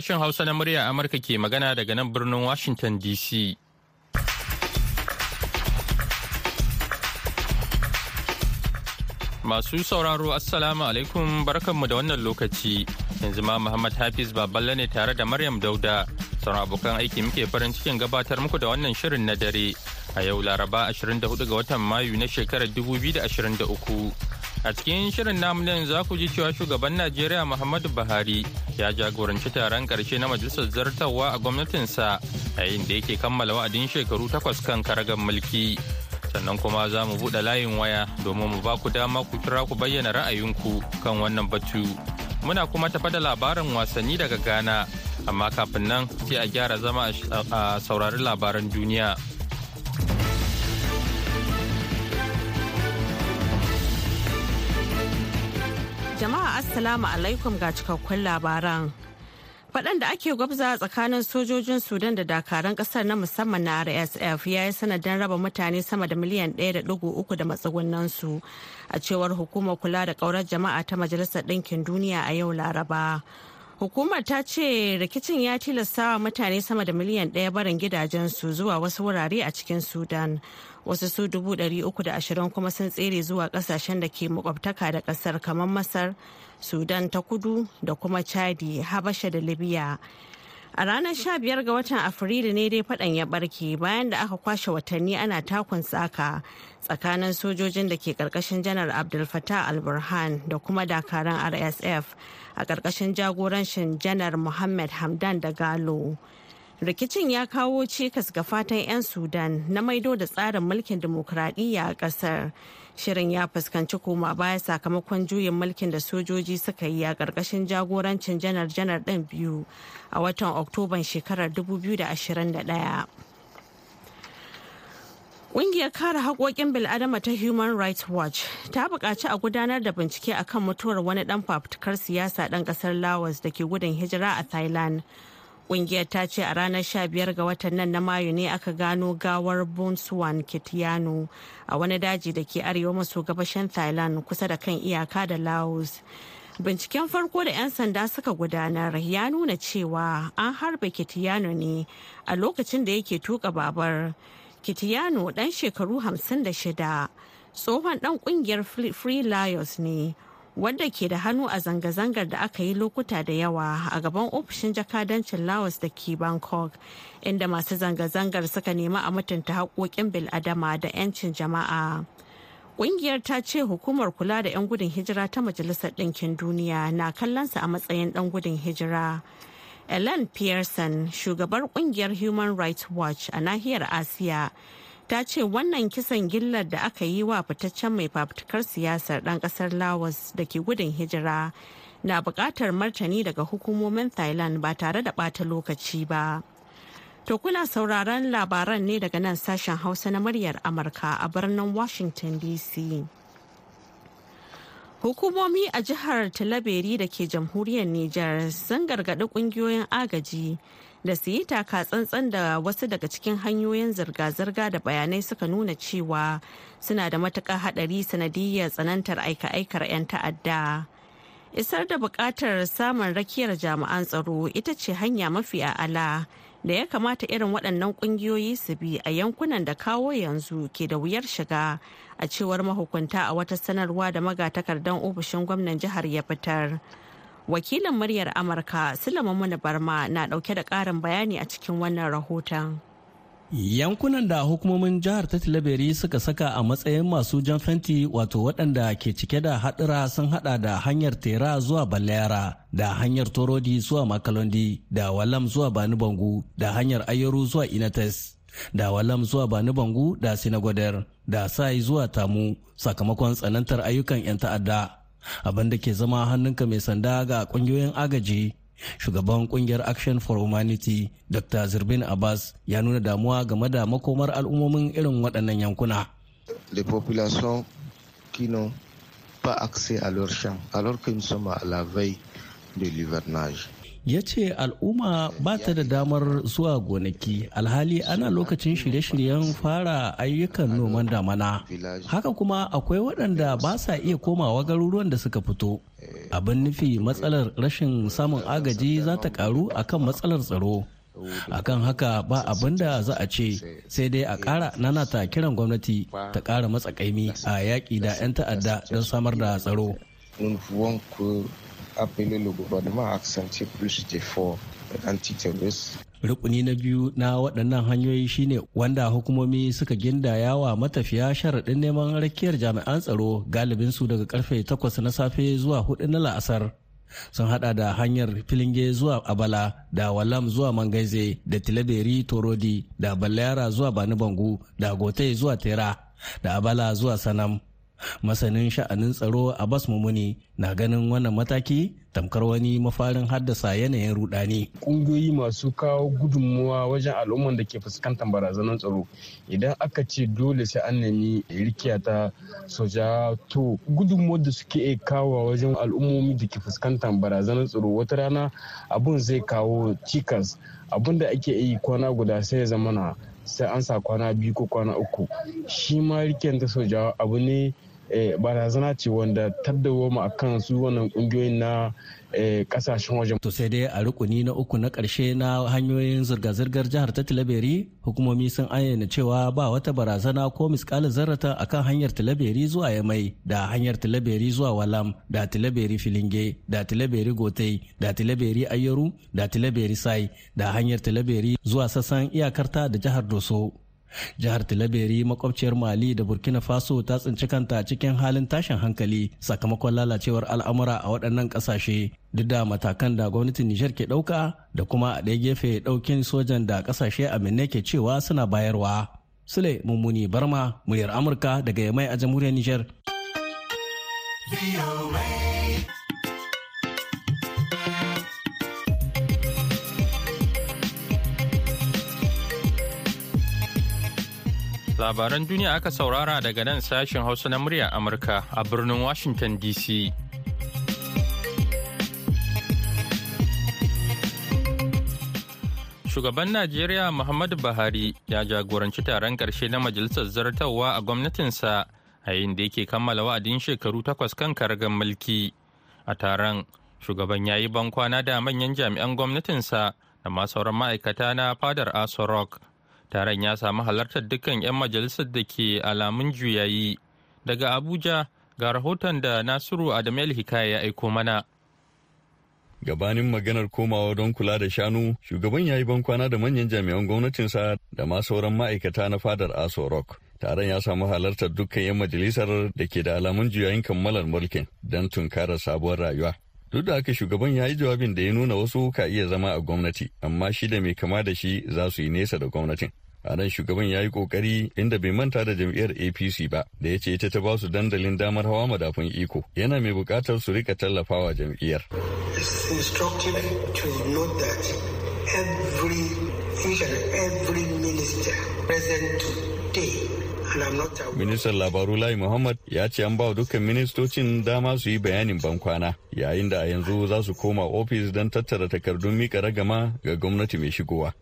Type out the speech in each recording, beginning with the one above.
Sashen Hausa na murya Amurka ke magana daga nan birnin Washington DC. Masu sauraro Assalamu alaikum barkanmu da wannan lokaci. Yanzu ma Muhammad Hafiz Baballe ne tare da Maryam Dauda. Sauran abokan aiki muke farin cikin gabatar muku da wannan shirin na dare. a yau laraba 24 ga watan mayu na shekarar 2023 a cikin shirin namunan za ku ji cewa shugaban najeriya muhammadu buhari ya jagoranci taron karshe na majalisar zartarwa a gwamnatinsa yayin da yake kammala wa'adin shekaru takwas kan karagar mulki sannan kuma za mu buɗe layin waya domin mu ba ku dama ku kira ku bayyana ra'ayinku kan wannan batu muna kuma tafa da labarin wasanni daga ghana amma kafin nan sai a gyara zama a saurari labaran duniya. Jama'a Assalamu alaikum ga cikakkun labaran. Faɗan da ake gwabza tsakanin sojojin Sudan da dakaran ƙasar na musamman na RSF ya yi sanadin raba mutane sama da miliyan 1.3 da su a cewar hukumar kula da ƙaurar jama'a ta Majalisar Ɗinkin Duniya a yau Laraba. Hukumar ta ce rikicin ya tilasta wa mutane sama da miliyan ɗaya barin gidajensu zuwa wasu wurare a cikin Sudan wasu su dubu ɗari uku da ashirin kuma sun tsere zuwa ƙasashen da ke makwabtaka da ƙasar kamar masar sudan ta kudu da kuma chadi habasha da libya a ranar 15 ga watan afrilu ne dai fadan ya barke bayan da aka kwashe watanni ana takun tsaka tsakanin sojojin da ke karkashin janar abdul fatah al-burhan da kuma dakaran rsf a karkashin jagorancin janar muhammad hamdan da galo rikicin ya kawo cikas ga fatan 'yan sudan na maido da tsarin mulkin dimokuraɗiyya a ƙasar shirin ya fuskanci koma baya sakamakon juyin mulkin da sojoji suka yi a ƙarƙashin jagorancin janar-janar ɗin biyu a watan oktoban shekarar 2021 Ƙungiyar kare haƙoƙin bil'adama ta Human Rights Watch ta buƙaci a gudanar da bincike akan mutuwar wani ɗan fafutukar siyasa ɗan ƙasar Laos da ke gudun hijira a Thailand Kungiyar ta ce a ranar 15 ga watan nan na Mayu ne aka gano gawar Bonsuwan Kitiyano a wani daji da ke arewa maso gabashin Thailand kusa da kan iyaka da Laos. Binciken farko da 'yan sanda suka gudanar ya nuna cewa an harbe Kitiyano ne a lokacin da yake tuka babar. Kitiyano ɗan shekaru 56 tsohon ɗan ƙungiyar Free Lions ne wanda ke da hannu a zanga-zangar da aka yi lokuta da yawa a gaban ofishin jakadancin laos da ke bangkok inda masu zanga-zangar suka nemi a mutunta haƙoƙin bil'adama da 'yancin jama'a ƙungiyar ta ce hukumar kula da 'yan gudun hijira ta majalisar ɗinkin duniya na kallonsa a matsayin ɗan gudun hijira ellen pearson shugabar ƙungiyar human rights watch a nahiyar asiya ta ce wannan kisan gillar da aka yi wa fitaccen mai fafutukar siyasar dan kasar lawas da ke gudun hijira na buƙatar martani daga hukumomin thailand ba tare da bata lokaci ba to kuna sauraron labaran ne daga nan sashen hausa na muryar amurka a birnin washington dc Hukumomi a jihar Talaberi da ke jamhuriyar niger sun gargaɗi ƙungiyoyin agaji da su yi taka tsantsan da wasu daga cikin hanyoyin zirga-zirga da bayanai suka nuna cewa suna da matuƙar haɗari sanadiyyar tsanantar aika-aikar 'yan ta'adda. Isar da buƙatar samun rakiyar jami'an tsaro ita ce hanya mafi a'ala da ya kamata irin waɗannan ƙungiyoyi su bi a yankunan da kawo yanzu ke da wuyar shiga a cewar mahukunta a wata sanarwa da magatakardan ofishin gwamnan jihar ya fitar. wakilin muryar amurka sulaiman mana barma na dauke da karin bayani a cikin wannan rahoton yankunan da hukumomin jihar ta tilaberi suka saka a matsayin masu jan fenti wato waɗanda ke cike da haɗura sun hada da hanyar tera zuwa balayara da hanyar torodi zuwa makalondi da walam zuwa bani bangu da hanyar ayyaru zuwa inates da walam zuwa bani bangu da sinagodar da sai zuwa tamu sakamakon tsanantar ayyukan 'yan ta'adda abin da ke zama hannunka mai sanda ga kungiyoyin agaji shugaban kungiyar action for humanity dr zirbin abbas ya nuna damuwa game da makomar al'ummomin irin waɗannan yankuna le population kino n'ont pas accès à leur champ alors qu'ils sont à la veille de l'hivernage ya ce al'umma ba ta da damar zuwa gonaki alhali ana lokacin shirye-shiryen fara ayyukan noman damana haka kuma akwai waɗanda ba sa iya komawa garuruwan da suka fito abin nufi matsalar rashin samun agaji za ta karu kan matsalar tsaro akan haka ba abin da za a ce sai dai a ƙara ta kiran gwamnati ta ƙara matsakaimi a yaƙi da 'yan ta'adda don samar da tsaro appeler le gouvernement à accentuer plus d'efforts antiterroristes. Rukuni na biyu na waɗannan hanyoyi shine wanda hukumomi suka gindaya wa matafiya sharaɗin neman rakiyar jami'an tsaro galibin su daga karfe takwas na safe zuwa 4 na la'asar. sun hada da hanyar filinge zuwa abala da walam zuwa mangaize da tilaberi torodi da balayara zuwa bani bangu da Gotai zuwa tera da abala zuwa sanam masanin sha'anin tsaro a bas mumuni na ganin wannan mataki tamkar wani mafarin haddasa yanayin rudani ƙungiyoyi masu kawo gudunmuwa wajen al'umman da ke fuskantar barazanar tsaro idan aka ce dole sai an nemi rikiya ta soja to gudunmuwar da suke iya kawo wajen al'ummomi da ke fuskantar barazanar tsaro wata rana abu zai kawo cikas abun da ake yi kwana guda sai ya zama sai an sa kwana biyu ko kwana uku shi ma rikiyar ta soja abu ne Eh, barazana ce wanda taddawo mu akan su wannan kungiyoyin na kasashen eh, waje. To sai dai a rukuni na uku na karshe na hanyoyin zirga-zirgar jihar ta Tilaberi hukumomi sun ayyana cewa ba wata barazana ko miskala zarrata akan hanyar Tilaberi zuwa Yamai da hanyar Tilaberi zuwa Walam da Tilaberi Filinge da Tilaberi Gotai da Tilaberi Ayyaru da Tilaberi Sai da hanyar Tilaberi zuwa sassan iyakarta da jihar Doso. jihar tilaberi makwabciyar mali da burkina faso ta tsinci kanta cikin halin tashin hankali sakamakon lalacewar al'amura a waɗannan ƙasashe duk da matakan da gwamnatin nijar ke ɗauka da kuma a ɗaya gefe ɗaukin sojan da ƙasashe aminne ke cewa suna bayarwa sule mummuni barma muryar amurka daga yamai a jamhuriyar nijar Labaran duniya aka saurara daga nan sashen Hausa na murya Amurka a birnin Washington DC. Shugaban Najeriya Muhammadu Buhari ya jagoranci taron ƙarshe na Majalisar Zartarwa a gwamnatinsa a yayin da yake kammala wa'adin shekaru takwas kan karagar mulki. A taron, shugaban ya yi bankwana da manyan jami'an gwamnatinsa da masu sauran ma'aikata na fadar Aso Rock taron ya samu halartar dukkan 'yan majalisar da ke alamun juyayi daga abuja ga rahoton da nasiru adamu hikaya ya aiko mana gabanin maganar komawa don kula da shanu shugaban ya yi bankwana da manyan jami'an gwamnatinsa da ma sauran ma'aikata na fadar aso rock taron ya samu halartar dukkan 'yan majalisar da ke da alamun juyayin kammalar mulkin don tunkarar sabuwar rayuwa Duk da haka shugaban ya yi jawabin da ya nuna wasu ka iya zama a gwamnati, amma shi da mai kama da shi za su yi nesa da gwamnatin. A nan shugaban ya yi kokari inda bai manta da jam'iyyar APC ba, da ya ce ita ta ba su dandalin damar hawa madafun iko. Yana mai bukatar su rika tallafawa jam'iyyar. every each and every minister present today Ministan labaru Lai Muhammad ya ce an ba dukkan ministocin dama su yi bayanin bankwana yayin da a yanzu za su koma ofis don tattara takardun mika ragama ga gwamnati mai shigowa.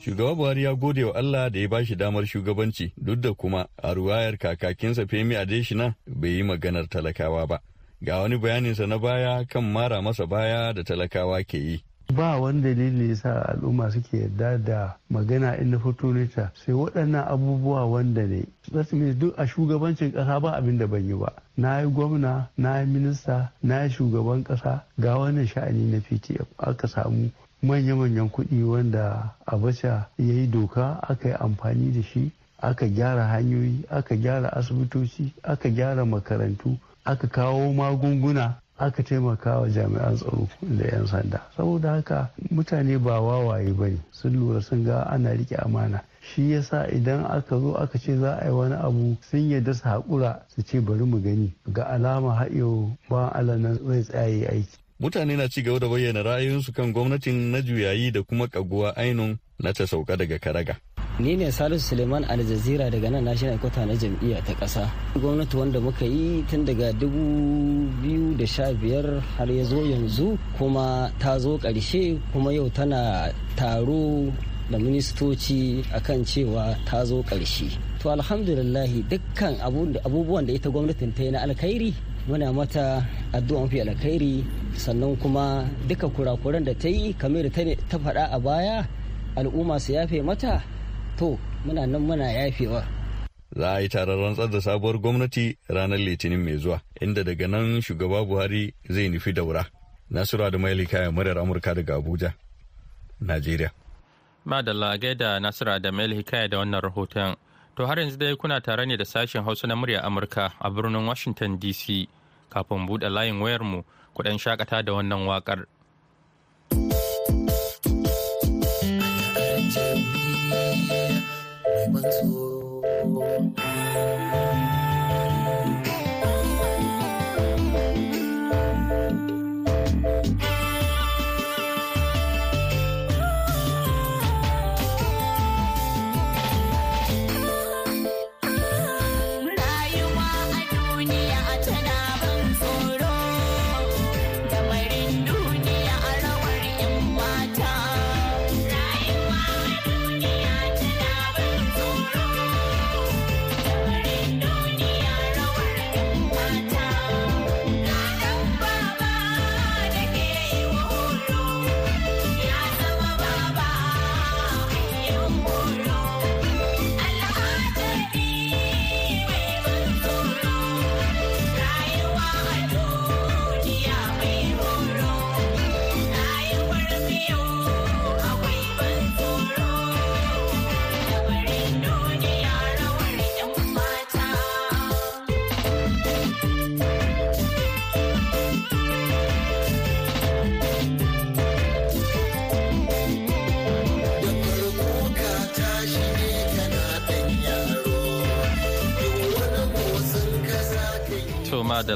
Shugaba Buhari ya gode wa Allah da ya ba shi damar shugabanci duk da kuma a ruwayar kakakinsa Femi Adeshina bai yi maganar talakawa ba. Ga wani bayaninsa na baya kan mara masa baya da talakawa ke yi. ba wani dalili sa al'umma suke yarda da magana in na fito ta sai waɗannan abubuwa wanda ne that duk a shugabancin ƙasa ba abin da ban yi ba na yi gwamna na yi minista na yi shugaban ƙasa ga wannan sha'ani na ptf aka samu manya-manyan kuɗi wanda abacha ya yi doka aka yi amfani da shi aka gyara hanyoyi aka gyara asibitoci aka gyara makarantu aka kawo magunguna aka taimaka wa jami'an tsaro da 'yan sanda saboda haka mutane ba wawaye ba ne sun lura sun ga ana rike amana shi yasa idan aka zo aka ce za a yi wani abu sun yadda su haƙura su ce bari mu gani ga alama haɗewa ba Allah nan zai tsaye aiki mutane na ci gaba da bayyana ra'ayoyinsu kan gwamnatin na juyayi da kuma kaguwa ainun na ta sauka daga karaga ni ne salisu suleiman aljazira daga nan national kwata na jam'iyya ta ƙasa gwamnati wanda muka yi tun daga da sha biyar har ya zo yanzu kuma ta zo ƙarshe kuma yau tana taro da ministoci akan cewa ta zo ƙarshe to alhamdulillahi dukkan abubuwan da ita gwamnatin ta yi na alkhairi muna mata addu'a mafi alkhairi sannan kuma duka kurakuran da ta yi kamar ta faɗa a baya al'umma su yafe mata to muna nan muna yafewa za a yi taron rantsar da sabuwar gwamnati ranar litinin mai zuwa inda daga nan shugaba buhari zai nufi daura nasiru da maili kayan muryar amurka daga abuja najeriya madalla da nasura da maili hikaya da wannan rahoton to har yanzu dai kuna tare ne da sashen hausa na muryar amurka a birnin washington dc kafin buɗe layin wayarmu kuɗin shakata da wannan waƙar. 不管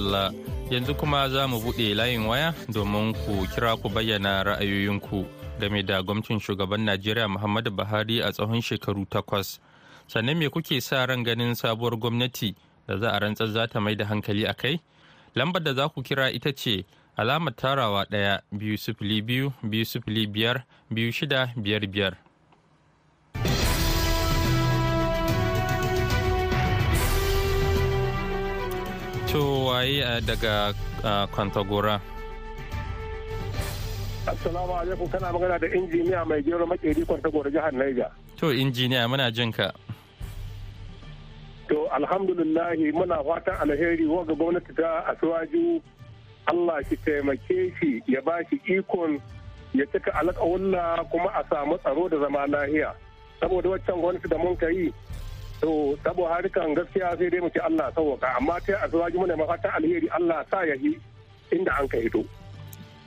madalla yanzu kuma za mu buɗe layin waya domin ku kira ku bayyana ra'ayoyinku game da gwamnatin shugaban najeriya muhammadu buhari a tsawon shekaru takwas sannan me kuke sa ran ganin sabuwar gwamnati da za a rantsar za ta mai da hankali a kai lambar da za ku kira ita ce alamar tarawa ɗaya biyu sifili biyu biyu sifili biyar biyu shida biyar biyar to waye eh, daga eh, kwantagora assalamu alaikum kana magana da injiniya mai gero makeri kwantagora jihar naija to injiniya muna jin to alhamdulillah muna fatan alheri ga gwamnati ta asuwaju allah shi taimake shi ya ba shi ikon ya cika alƙawulla kuma a samu tsaro da zama lahiya saboda waccan gwamnati da mun yi to sabo harkan gaskiya sai dai muke Allah sauwaka amma ta azwaji mu ne mafatan alheri Allah sa ya yi inda an ka to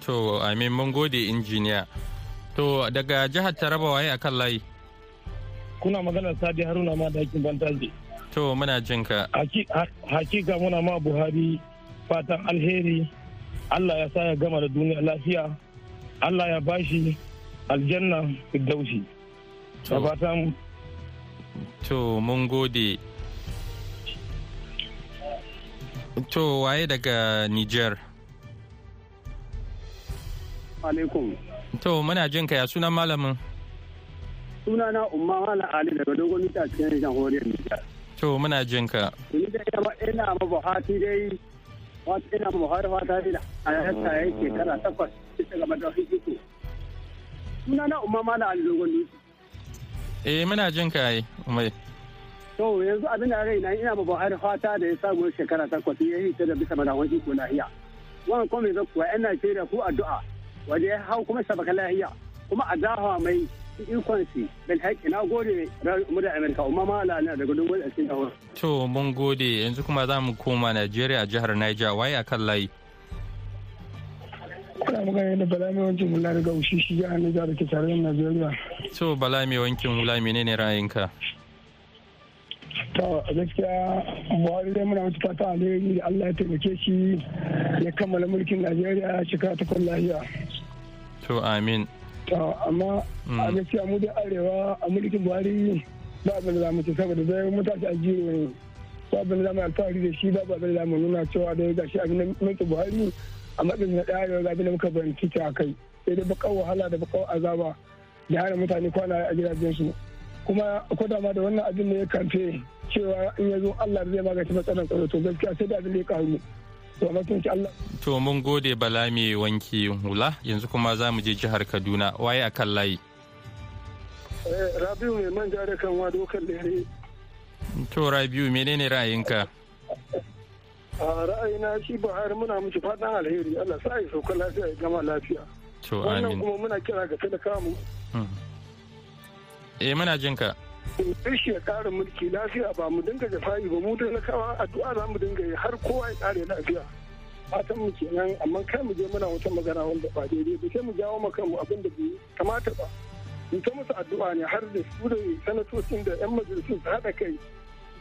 to amin mun gode injiniya to daga jihar Taraba waye akan layi kuna magana Sadi Haruna ma da kin bantaje to muna jinka. hakika muna ma Buhari fatan alheri Allah ya sa ya gama da duniya lafiya Allah ya bashi aljanna firdausi da fatan To mun gode. To waye daga Niger? Alaikum. To muna jin ka ya sunan malamin? Sunana Umma Malam Ali daga dogon mita cikin jamhuriyar Niger. To muna jin ka. Ni da ina ma buhati dai wata ina ma Buhari fata dai da a yasa yake kana takwas ga madafin Suna Sunana Umma Malam Ali dogon mita. eh muna jin ka yi mai to yanzu abin da rai na ina ma buhari fata da ya samu shekara takwas ya yi ta da bisa madawar iko lahiya wani kuma zai kuwa yan najeriya ku addu'a waje ya hau kuma shabaka lahiya kuma a dawa mai ikon shi bin haƙƙi na gode mu da amurka umma ma lana daga to mun gode yanzu kuma za mu koma najeriya jihar niger waye a kan layi kuna magana da bala mai wankin hula daga ushishi a Nijar da ke tarayyar Najeriya. To bala mai wankin hula menene ra'ayinka? to gaskiya buhari dai muna mutu fata alheri da allah ya taimake shi ya kammala mulkin najeriya shekara kwan lahiya to amin to amma a mm. gaskiya mu da arewa a mulkin buhari ba abin da zamu ce saboda zai mutashi a jiro ne ba abin da zamu alfahari da shi ba abin da zamu nuna cewa da ya gashi a da mulkin buhari a matsayin na ɗaya da abin muka bayanci ta kai sai dai baƙar wahala da baƙar azaba da hana mutane kwana a gidajen su kuma ko da ma da wannan abin da ya kamfe cewa in ya zo Allah zai magance matsalar tsaro to gaskiya sai da abin da ya karu To mun gode bala mai wanki hula yanzu kuma za mu je jihar Kaduna waye a kan layi. Eh, Rabiu mai manja da kan wado kan lere. To Rabiu menene ra'ayinka? a ra'ayina shi buhari muna miki fatan alheri allah sa ya sauka lafiya ya gama lafiya wannan kuma muna kira ga talakawa mu hmm. eh muna jin ka shi ya ƙara mulki lafiya ba mu dinga fayi ba mu talakawa addu'a za mu dinga yi har kowa ya kare lafiya fatan mu kenan amma kai mu je muna wata magana wanda ba daidai ba sai mu jawo maka mu abin da bai kamata ba mu ta musu addu'a ne har da su da sanatocin da 'yan majalisun su haɗa kai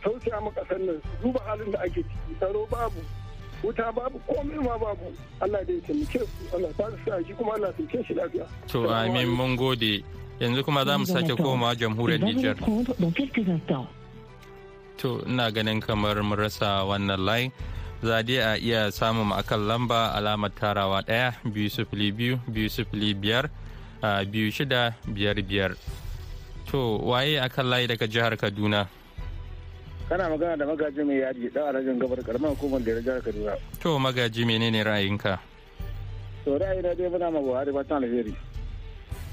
tausaya ma kasar nan duba halin da ake ciki tsaro babu wuta babu komai ma babu Allah da ya taimake su Allah ta su shi kuma Allah taimake shi lafiya to amin mun gode yanzu kuma za mu sake komawa jamhuriyar Nijar to ina ganin kamar mun rasa wannan line zade a iya samun akan lamba alamar tarawa daya biyu sifili biyu biyu sifili biyar biyu shida biyar biyar to waye akan layi daga jihar kaduna kana magana da magaji mai yaji da rajin gabar karamar hukumar da jihar kaduna to magaji menene ra'ayinka to na dai muna ma buhari ba ta alheri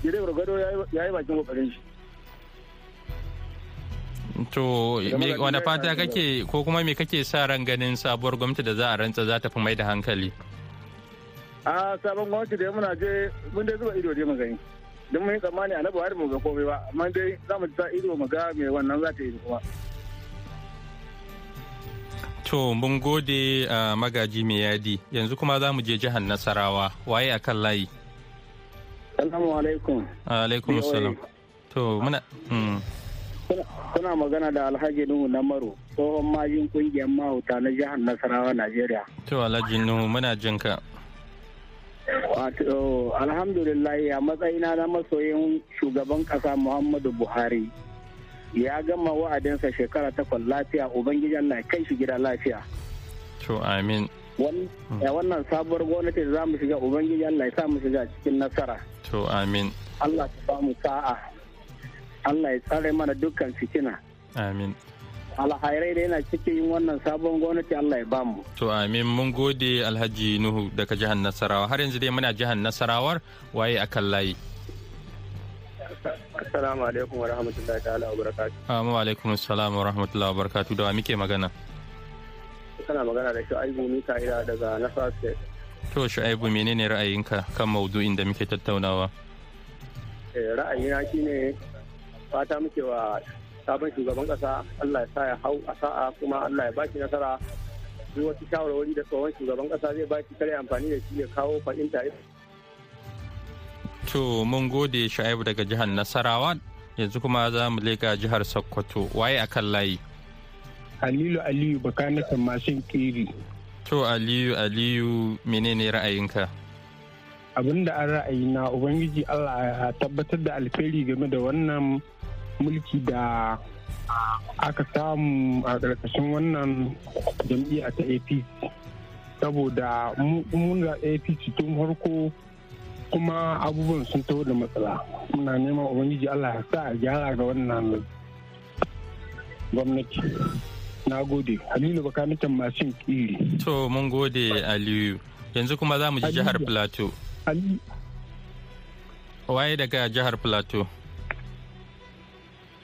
gire gwargwado ya yi bakin kokarin shi to wani fata kake ko kuma me kake sa ran ganin sabuwar gwamnati da za a rantsa za ta fi mai da hankali a sabon gwamnati da muna je mun dai zuba ido dai mu gani don mun yi tsammani a na buhari mu ga komai ba amma dai za mu ta ido mu ga me wannan za ta yi kuma To mun gode a magaji mai yadi yanzu kuma za mu je jihar Nasarawa waye a kan layi. Salamu alaikum. Alaikum salam. To muna. Mm. Kuna magana da Alhaji Nuhu na Maro tsohon majin kungiyar mahauta na jihar Nasarawa Najeriya. To Alhaji Nuhu muna jin ka. Wato alhamdulillah a matsayina na masoyin shugaban kasa Muhammadu Buhari ya gama wa'adinsa shekara takwas lafiya ubangiji Allah ya kai shi gida lafiya to amin hmm. wannan sabuwar gwamnati da za mu shiga ubangiji Allah ya sa mu shiga cikin nasara to amin Allah ya ba mu sa'a Allah ya tsare mana dukkan fitina amin alhairai da yana cikin wannan sabon gwamnati Allah ya bamu. To amin mun gode Alhaji Nuhu daga jihar Nasarawa har yanzu dai muna jihar Nasarawar waye akan layi. Assalamu alaikum wa rahmatullahi ta'ala wa barakatu. Amma alaikum assalam wa rahmatullahi wa barakatu da wa muke magana. Kana magana da Shu'aibu ira daga Nasar State. To Shu'aibu menene ra'ayinka kan maudu'in da muke tattaunawa? Eh, ra'ayina shine fata muke wa sabon shugaban kasa Allah ya sa ya hau a sa'a kuma Allah ya shi nasara duk wasu shawarwari da tsohon shugaban kasa zai shi kare amfani da shi ya kawo fahimta To mun gode sha'ibu daga jihar Nasarawa yanzu kuma za mu leƙa jihar Sokoto waye a kan layi. Aliyu Aliyu bakanatan mashin kiri. To Aliyu Aliyu menene ra'ayinka? Abin da an ra'ayi na Ubangiji Allah ya tabbatar da alkhairi game da wannan mulki da aka samu a ƙarƙashin wannan jam'iyya ta APC. Saboda mun ga APC tun farko kuma abubuwan sun taho da matsala muna neman ubangiji allah ya sa a gyara ga wannan gwamnati na gode halilu bakamitan mashin kiri to mun gode aliyu yanzu kuma za mu ji jihar plateau waye daga jihar plateau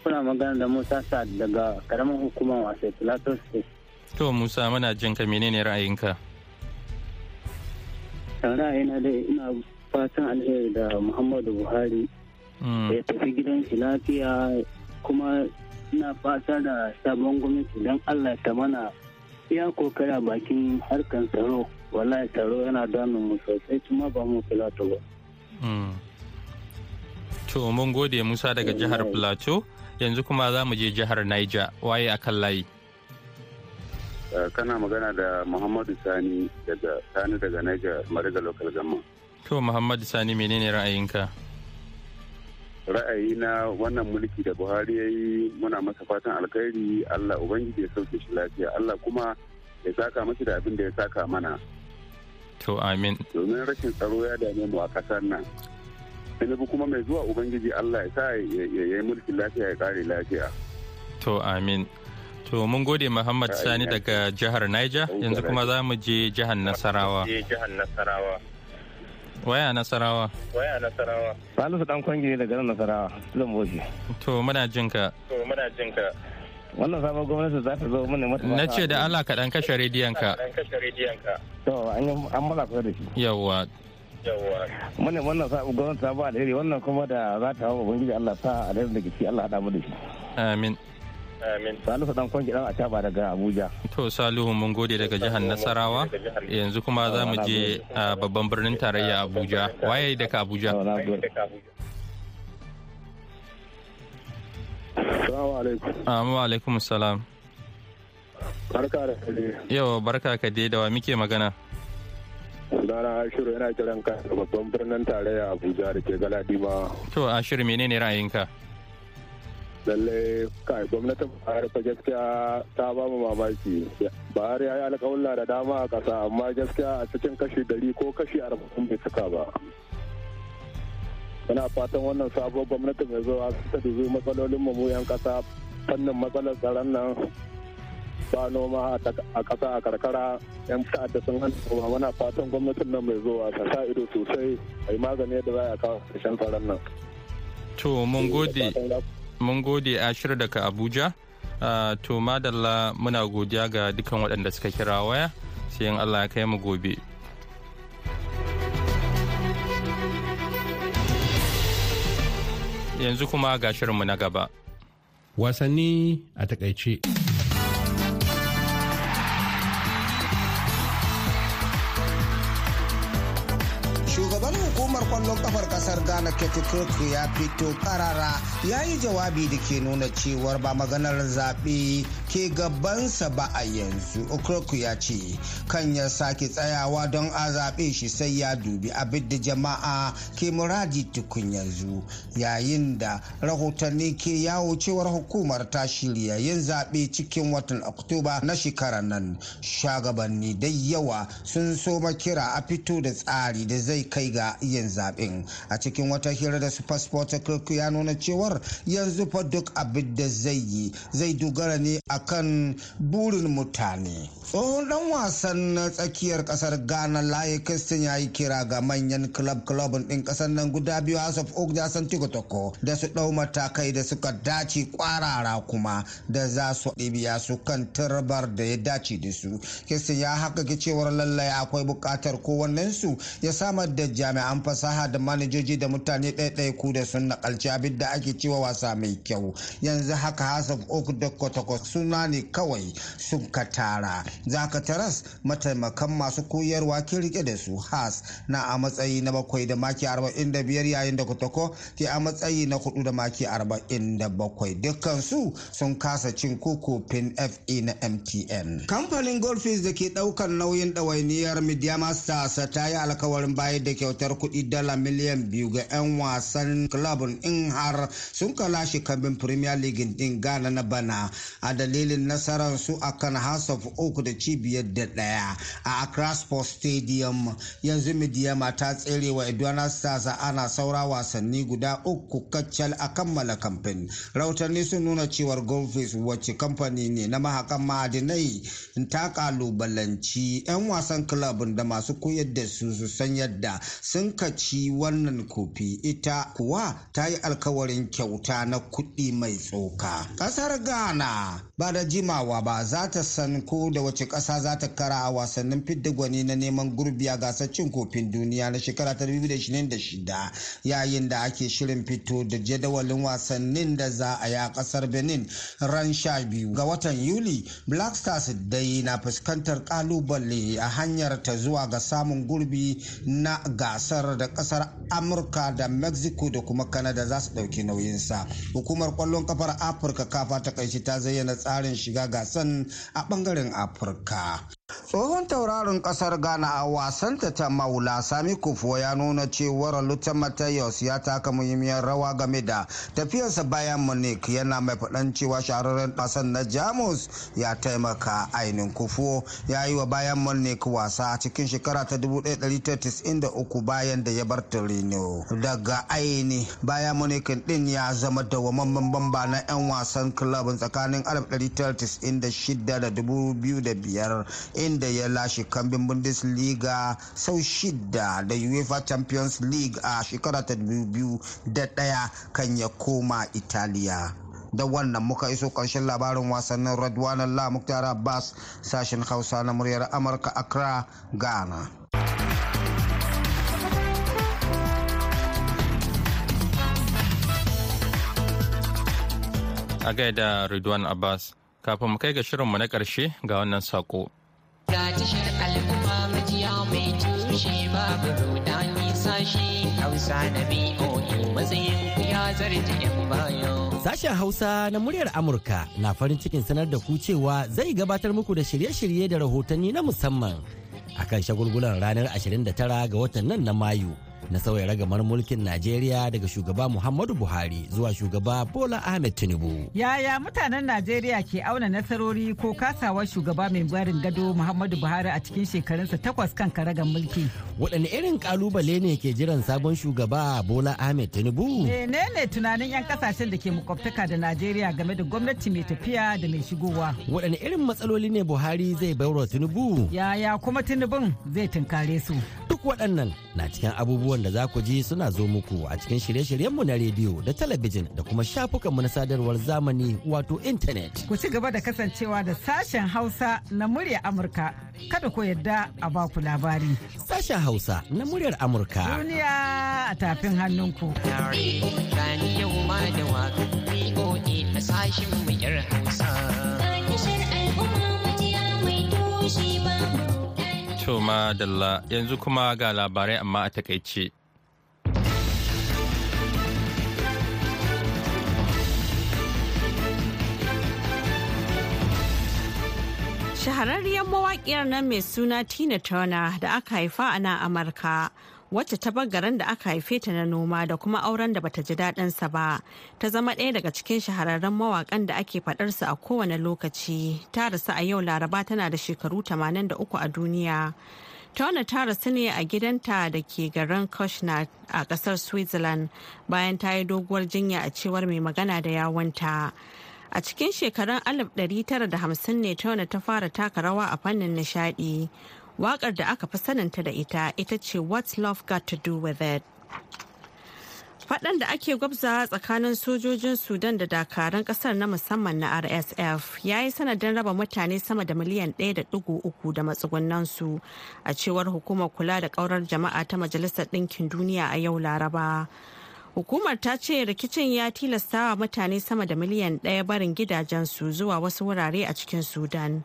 kuna magana da musa sa'ad daga karamin hukumar wasai plateau state to musa muna jin ka menene ra'ayinka ra'ayina dai ina fatan alheri da muhammadu buhari mm. ya tafi gidan shi lafiya kuma na fata da sabon gwamnati don allah ta mana iya kokari a bakin harkan tsaro wallahi tsaro yana damun mu sosai kuma ba mu filato ba mm. to mun gode musa daga jihar plateau yanzu kuma za mu je jihar niger waye akan layi uh, kana magana da muhammadu sani daga sani daga niger mariga local government To Muhammad Sani menene ra'ayinka? na wannan mulki da Buhari ya yi muna masa fatan alkhairi Allah Ubangiji ya sauke shi lafiya Allah kuma ya saka mashi da abin da ya saka mana. To amin. Domin rashin tsaro ya dame mu a kasar nan. Tinubu kuma mai zuwa Ubangiji Allah ya sa ya yi mulki lafiya ya kare lafiya. To amin. To mun gode Muhammad Sani daga jihar Niger yanzu kuma za mu je jihar Nasarawa. Waya Nasarawa. Waya Nasarawa. Salisu dan kwangi ne daga Nasarawa, zan boje. To muna jin ka. To muna jin ka. Wannan sabon gwamnati za ta zo mana mata. Na ce da Allah ka dan kashe rediyon ka. Dan kashe rediyon ka. To an yi an mala kusa da shi. Yawwa. Yawwa. Mune wannan sabon gwamnati ta ba alheri wannan kuma da za ta hawa ubangiji Allah sa alherin da ke ci Allah haɗa mu da shi. Amin. Amin. Salihu dan kwangi dan acaba daga Abuja. To Salihu mun gode daga jihar Nasarawa. Yanzu kuma za mu je babban birnin tarayya Abuja. Waye daga Abuja? Assalamu alaikum. alaikum salam. Barka da kade. Yau barka ka dai da wa muke magana. Dara Ashiru yana kiran ka babban birnin tarayya Abuja da ke Galadima. To Ashiru menene ra'ayinka? lalle kai gwamnatin bahar fa gaskiya ta ba mu mamaki bahar ya yi alƙawalla da dama a ƙasa amma gaskiya a cikin kashi dari ko kashi arba'in bai cika ba muna fatan wannan sabuwar gwamnati mai zuwa su ta dubi matsalolin mu yan ƙasa fannin matsalar tsaron nan ba noma a ƙasa a karkara yan ta'adda sun hannu kuma muna fatan gwamnatin nan mai zuwa ta sa ido sosai a yi magani yadda za a kawo ƙarshen tsaron nan. to mun gode eh, mun gode ashir daga abuja ah, to madalla muna godiya ga dukan waɗanda suka kira waya sai in allah ya kai mu gobe yanzu kuma ga shirinmu na gaba wasanni a takaice kasar ghana ketikirku ya fito karara ya yi jawabi da ke nuna cewar ba maganar zaɓe ke gabansa ba a yanzu okroku ya ce kan ya sake tsayawa don a zaɓe shi sai ya dubi abin da jama'a ke muradi tukun yanzu yayin da rahotanni ke yawo cewar hukumar ta shirya yin zaɓe cikin watan oktoba na shekarar nan shagabanni dai yawa sun soma kira a fito da tsari da zai kai ga yin zaɓen a cikin wata hira da su fasfota kirki ya nuna cewar yanzu fa duk abin da zai yi zai dogara ne akan burin mutane tsohon dan wasan na tsakiyar kasar ghana layi kristin ya yi kira ga manyan club club din kasar nan guda biyu house of oak jason tikotoko da su dau matakai da suka dace kwarara kuma da za su ɗibiya su kan turbar da ya dace da su kristin ya haka cewar lallai akwai buƙatar kowannensu ya samar da jami'an fasaha da manajan sojoji da mutane ku da sun naƙalci abin da ake cewa wasa mai kyau yanzu haka hasa of da kotoko suna ne kawai sun ka tara za ka taras mataimakan masu koyarwa ke rike da su has na a matsayi na bakwai da maki arba'in da biyar yayin da kotoko ke a matsayi na hudu da maki arba'in da bakwai dukkansu sun kasa cin kokofin fa na mtn kamfanin golfis da ke ɗaukar nauyin ɗawainiyar midiya stars ta yi alkawarin bayar da kyautar kuɗi dala miliyan biyu ga 'yan wasan klabin in har sun lashe kambin premier league din ghana na bana a dalilin nasarar su akan house of oak da cibiyar da daya a accra sports stadium yanzu midiyama ta tserewa wa edwana stars ana saura wasanni guda uku kacal a kammala kamfin ne sun nuna cewar golfis wacce kamfani ne na mahakan ma'adinai ta kalubalanci 'yan wasan klabin da masu koyar da su su san yadda sun kaci wannan Kofi ita kuwa ta yi alkawarin kyauta na kuɗi mai tsoka. Ƙasar Ghana ba da jimawa ba za ta san ko da wace ƙasa za ta kara a wasannin fidda gwani na neman gurbi a gasar cin kofin duniya na shekara ta 2026 yayin da ake shirin fito da jadawalin wasannin da za a ya ƙasar Benin ran sha biyu ga watan Yuli Black Stars dai na fuskantar ƙalubale a hanyar ta zuwa ga samun gurbi na gasar da ƙasar Am amurka da mexico da kuma canada za su ɗauki nauyinsa hukumar kwallon kafar afirka kafa ta ƙarshe ta zayyana tsarin shiga gasan a ɓangaren afirka tsohon taurarin kasar ghana a wasanta ta maula sami kufo ya nuna cewa lutan matayos ya taka muhimmiyar rawa game da tafiyarsa bayan munich yana mai faɗan cewa shahararren ɗasan na jamus ya taimaka ainihin kufo ya yi wa bayan munich wasa a cikin shekara ta 1993 bayan da ya bar torino daga aini bayan munich din ya zama da dawamamman bamba na 'yan wasan club tsakanin 1996 da inda ya lashe kambin bundesliga sau shida da uefa champions league a shekara ta da ɗaya kan ya koma italiya da wannan muka iso ƙarshen labarin wasannin radwana la muktar abbas sashen hausa na muryar amurka accra ghana a gaida Ridwan Abbas. Kafin mu kai ga shirinmu na ƙarshe ga wannan sako tashar al'umma majiya mai tushe babu rudani sashe hausa na boe matsayin ya zarta yan bayo sashen hausa na muryar amurka na farin cikin sanar da ku cewa zai gabatar muku da shirye-shirye da rahotanni na musamman akan shagulgulan ranar 29 ga watan nan na mayu na sauya ragamar mulkin Najeriya daga shugaba Muhammadu Buhari zuwa shugaba Bola Ahmed Tinubu. Yaya mutanen Najeriya ke auna nasarori ko kasawar shugaba mai barin gado Muhammadu Buhari a cikin shekarunsa takwas kan karagan mulki. Waɗanne irin kalubale ne ke jiran sabon shugaba Bola Ahmed Tinubu? Menene tunanin 'yan kasashen da ke makwabtaka da Najeriya game da gwamnati mai tafiya da mai shigowa? Waɗanne irin matsaloli ne Buhari zai baiwa Tinubu? Yaya kuma Tinubun zai tunkare su? duk waɗannan na cikin abubuwan da za ku ji suna zo muku a cikin shirye-shiryenmu na rediyo da talabijin da kuma shafukanmu na sadarwar zamani wato intanet. Ku ci gaba da kasancewa da sashen Hausa na muryar Amurka. Kada ku yarda a ba ku labari. Sashen Hausa na muryar Amurka. Duniya a tafin hannunku. Sashen Hausa. To dalla yanzu kuma ga labarai amma a takaice. Shahararriyar mawaƙiyar nan mai suna Tina Turner da aka haifa a nan Amurka. wacce ta bar garin da aka haife ta na noma da kuma auren da bata ji daɗinsa ba ta zama ɗaya daga cikin shahararren mawaƙan da ake faɗarsa a kowane lokaci ta rasu a yau laraba tana da shekaru 83 a duniya wani ta rasu ne a gidanta da ke garin Kushner a kasar Switzerland bayan ta yi doguwar jinya a cewar mai magana da yawanta. A cikin shekarun 1950 ne wani ta fara taka rawa a fannin nishaɗi. Waƙar da aka fi saninta da ita ita ce What's Love Got to Do With It. faɗan da ake gwabza tsakanin sojojin sudan da dakaran ƙasar na musamman na rsf ya yi sanadin raba mutane sama da miliyan 1.3 da su a cewar hukumar kula da ƙaurar jama'a ta majalisar ɗinkin duniya a yau laraba hukumar ta ce rikicin ya tilasta wa mutane sama da miliyan ɗaya barin gidajensu zuwa wasu wurare a cikin sudan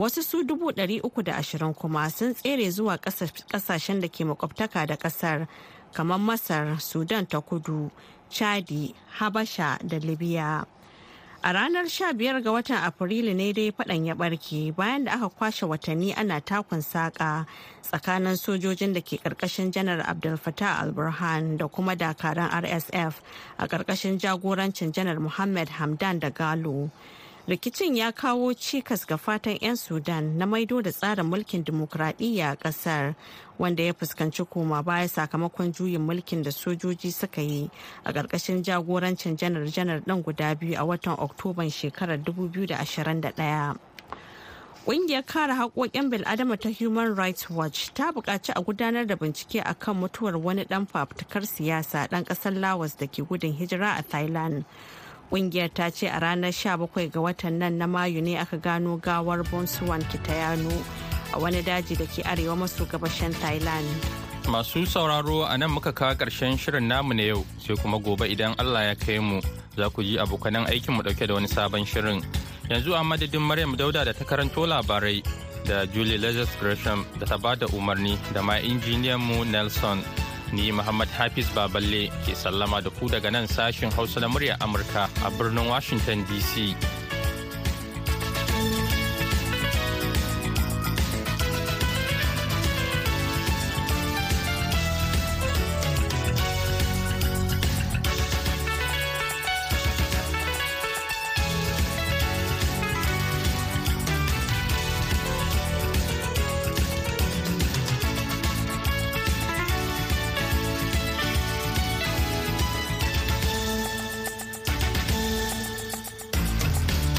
wasu su dubu ɗari uku da ashirin kuma sun tsere zuwa kasashen da ke makwabtaka da kasar kamar masar sudan ta kudu chadi habasha da libya a ranar 15 ga watan afrilu ne dai fadan ya barke bayan da aka kwashe watanni ana takun saƙa tsakanin sojojin da ke karkashin janar abdul fatah al-burhan da kuma dakaran rsf a karkashin jagorancin janar muhammad hamdan da galo rikicin ya kawo cikas ga fatan 'yan sudan na maido da tsarin mulkin dimokuraɗiyya a ƙasar wanda ya fuskanci koma baya sakamakon juyin mulkin da sojoji suka yi a ƙarƙashin jagorancin janar-janar ɗan guda biyu a watan oktoban shekarar 2021 Ƙungiyar kare haƙoƙin bil'adama ta Human Rights Watch ta buƙaci a gudanar da bincike a kan mutuwar wani ɗan fafutukar siyasa ɗan ƙasar Laos da ke gudun hijira a Thailand. kungiyar ta ce a ranar 17 ga watan nan na mayu ne aka gano gawar bonsuwan kitayano a wani daji da ke arewa maso gabashin thailand masu sauraro a nan muka kawo karshen shirin namu na yau sai kuma gobe idan allah ya kai mu za ku ji abokanan aikin mu dauke da wani sabon shirin yanzu a madadin maryam dauda da ta karanto labarai da julie lazarus gresham da ta bada umarni da ma injiniyan mu nelson ni Muhammad Hafiz Baballe ke sallama da ku daga nan sashin Hausa na murya Amurka a birnin Washington DC.